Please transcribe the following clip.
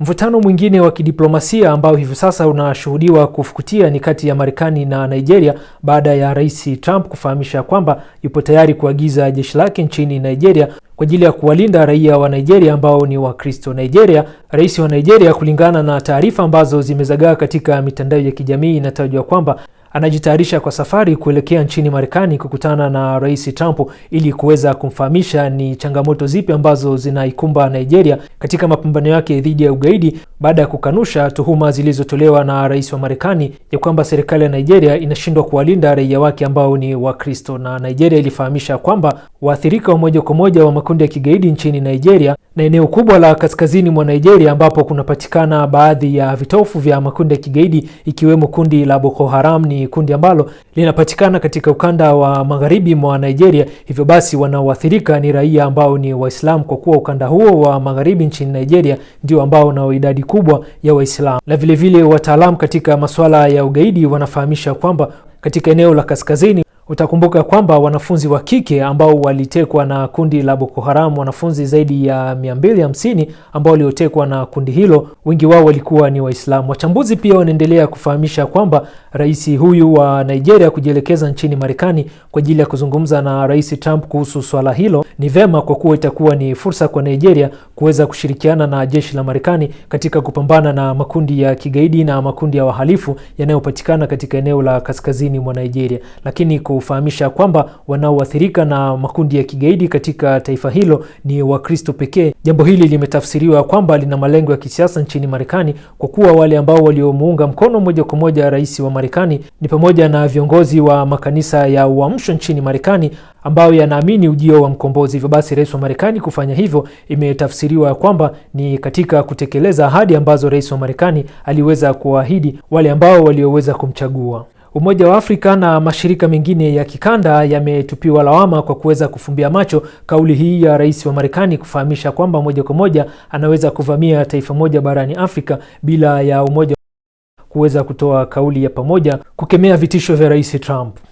Mvutano mwingine wa kidiplomasia ambao hivi sasa unashuhudiwa kufukutia ni kati ya Marekani na Nigeria baada ya Rais Trump kufahamisha kwamba yupo tayari kuagiza jeshi lake nchini Nigeria kwa ajili ya kuwalinda raia wa Nigeria ambao ni Wakristo. Nigeria, rais wa Nigeria, kulingana na taarifa ambazo zimezagaa katika mitandao ya kijamii, inatajwa kwamba anajitayarisha kwa safari kuelekea nchini Marekani kukutana na Rais Trump ili kuweza kumfahamisha ni changamoto zipi ambazo zinaikumba Nigeria katika mapambano yake dhidi ya ugaidi baada ya kukanusha tuhuma zilizotolewa na rais wa Marekani ya kwamba serikali ya Nigeria inashindwa kuwalinda raia wake ambao ni Wakristo. Na Nigeria ilifahamisha kwamba waathirika wa moja kwa moja wa makundi ya kigaidi nchini Nigeria na eneo kubwa la kaskazini mwa Nigeria ambapo kunapatikana baadhi ya vitofu vya makundi ya kigaidi ikiwemo kundi la Boko Haram. Ni kundi ambalo linapatikana katika ukanda wa magharibi mwa Nigeria, hivyo basi wanaoathirika ni raia ambao ni Waislamu, kwa kuwa ukanda huo wa magharibi nchini Nigeria ndio ambao una idadi kubwa ya Waislamu. Na vilevile wataalamu katika masuala ya ugaidi wanafahamisha kwamba katika eneo la kaskazini Utakumbuka kwamba wanafunzi wa kike ambao walitekwa na kundi la Boko Haram, wanafunzi zaidi ya 250 ambao waliotekwa na kundi hilo, wengi wao walikuwa ni Waislamu. Wachambuzi pia wanaendelea kufahamisha kwamba rais huyu wa Nigeria kujielekeza nchini Marekani kwa ajili ya kuzungumza na Rais Trump kuhusu swala hilo ni vema, kwa kuwa itakuwa ni fursa kwa Nigeria kuweza kushirikiana na jeshi la Marekani katika kupambana na makundi ya kigaidi na makundi ya wahalifu yanayopatikana katika eneo la kaskazini mwa Nigeria, lakini kufahamisha kwamba wanaoathirika na makundi ya kigaidi katika taifa hilo ni Wakristo pekee. Jambo hili limetafsiriwa kwamba lina malengo ya kisiasa nchini Marekani kwa kuwa wale ambao waliomuunga mkono moja kwa moja rais wa Marekani ni pamoja na viongozi wa makanisa ya Uamsho nchini Marekani ambayo yanaamini ujio wa mkombozi. Hivyo basi, rais wa Marekani kufanya hivyo imetafsiriwa kwamba ni katika kutekeleza ahadi ambazo rais wa Marekani aliweza kuahidi wale ambao walioweza kumchagua. Umoja wa Afrika na mashirika mengine ya kikanda yametupiwa lawama kwa kuweza kufumbia macho kauli hii ya rais wa Marekani kufahamisha kwamba moja kwa moja anaweza kuvamia taifa moja barani Afrika bila ya umoja kuweza kutoa kauli ya pamoja kukemea vitisho vya Rais Trump.